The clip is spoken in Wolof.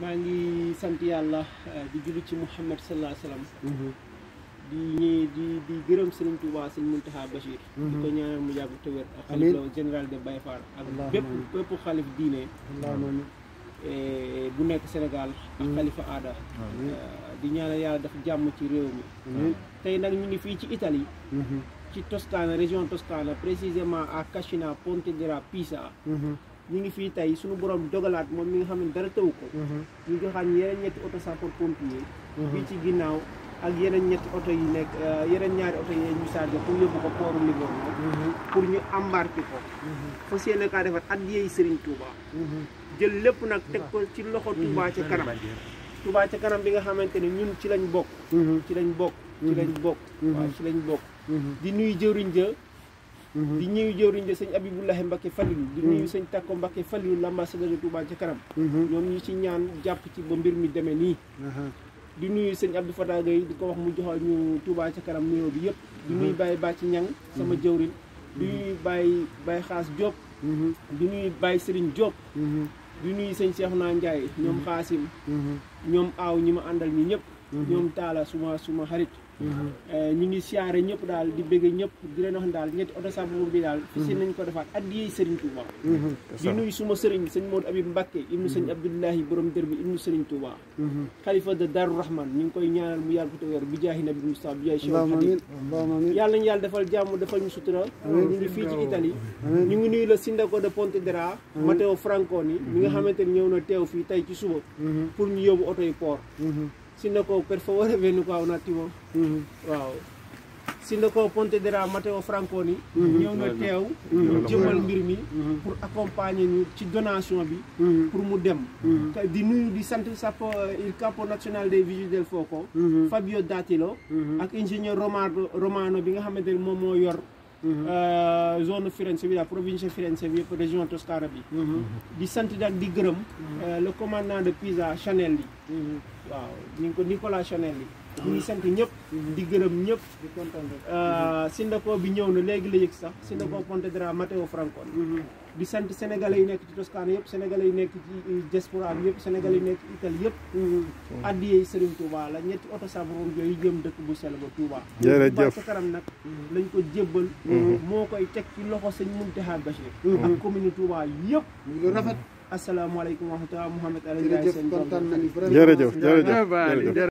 maa ngi sant yàlla euh, di julli ci Muhammad sallallahu alayhi wa sallam mhm. di di gërëm Serigne Touba Serigne Mountakha Bachir mhm. di ko ñaanal mu yàgg te wér ak xalif général de Baye Fall ak bépp bépp xalif diine bu nekk Sénégal ak mhm. xalifa aada euh, di ñaanal yàlla daf jàmm ci réew mi tey nag ñu ngi fii ci Italie ci Toscana région Toscana précisément à Cascina Ponte della Pisa ñu ngi fi tey suñu borom dogalaat moom mi nga xam ne dara tëw ko mhm. ñu joxaat yeneen ñetti oto sapeur pompier bii mhm. ci ginnaaw ak yeneen ñetti oto yi nekk euh, yeneen ñaari oto yi ñu chargé pour yóbbu ko pooru mhm. pour ñu embarqué ko fas yéene kaa defar at yeey Serigne Touba jël lépp nag teg ko ci loxo Touba ca kanam Touba ca kanam bi nga xamante ne ñun ci lañ bokk ci lañ bokk ci lañ bokk ci lañ bokk di nuy jëriñ jë Mm-hmm. di ñuy jëwriñ de sëñ Abibulahi Mbacke Fallilu di nuyu mm-hmm. sëñ Takko Mbacke Fallilu l'ambassadeur de Touba ca kanam mm-hmm. ñoom ñi ci ñaan jàpp ci ba mbir mi demee nii uh-huh. di nuyu sëñ Abdou Fatah Gueye di ko wax mu joxal ñu Touba ca kanam nuyoo bi yëpp di nuyu Baye Bàcc Ñang sama jëwriñ di nuyu Baye Xaas Diop di nuyu Baye Serigne Diop di nuyu sëñ naa Ndiaye ñoom Xaasim ñoom aaw ñi ma àndal ñi ñëpp Mm-hmm. ñoom taala suma suma xarit mm-hmm. eh, ñu ngi siyaare ñëpp daal di bëgg ñëpp di leen wax daal ñetti oto sàmm bi daal mm-hmm. fi nañ ko defaat addiyey sëriñ Touba di nuyu suma sëriñ sëñ Modou Abib Mbacke ibnu sëñ Abdoulahi borom dër bi ibnu sëriñ Touba xalifa de Darou Rahman ñu ngi koy ñaanal mu yàlla ko tawér bi jaahi nabi Mustafa bi jaahi Cheikh Khadim yàlla ñu yàlla defal jàmm defal ñu sutura ñu ngi fii ci Italie ñu ngi nuyu la Sindaco de Pontedera Matteo Franconi mi nga xamante ni ñëw na teew fii tey ci suba pour ñu yóbbu oto yi Sindoko, per favore venuto un attimo. Mm-hmm. Waaw. Sindoko Pontedera Matteo Franconi. Mm-hmm. ñëw nga teew. Mm-hmm. jëmmal mbir mi. pour accompagner ñu ci donation bi. pour mu dem. di nuyu di sant sapo il capo national des vigiles del fuoco. Fabio Datilo. ak ingénieur Romano bi nga xamante ne moom moo yor. Euh, zone Firenze bi la province Firenze bi yëpp région Toscana bi mhm. di sant daal di gërëm mhm. euh, le commandant de Pisa Chanel li mhm. waaw ni ko Nicolas Chanel li ñu ngi sant di gërëm ñëpp di kontaan euh, Sindako bi ñëw na léegi la yëg sax Sindako Pontedera Matteo Franco mhm. di sant sénégalais yi nekk ci Toscane yëpp sénégalais yi nekk ci euh, yëpp sénégalais yi nekk ci Italie yëpp mhm. addiyey Serigne Touba la ñetti oto sabrom yooyu jëm dëkk bu sell ba Touba jërëjëf sa kanam nag mhm. lañ ko jébbal moo koy teg ci loxo sëñ Mountakha Bachir ak commune Touba yëpp lu rafet asalaamaaleykum wa rahmatulah Mouhamed Aliou jërëjëf kontaan nañu jërëjëf jërëjëf ah,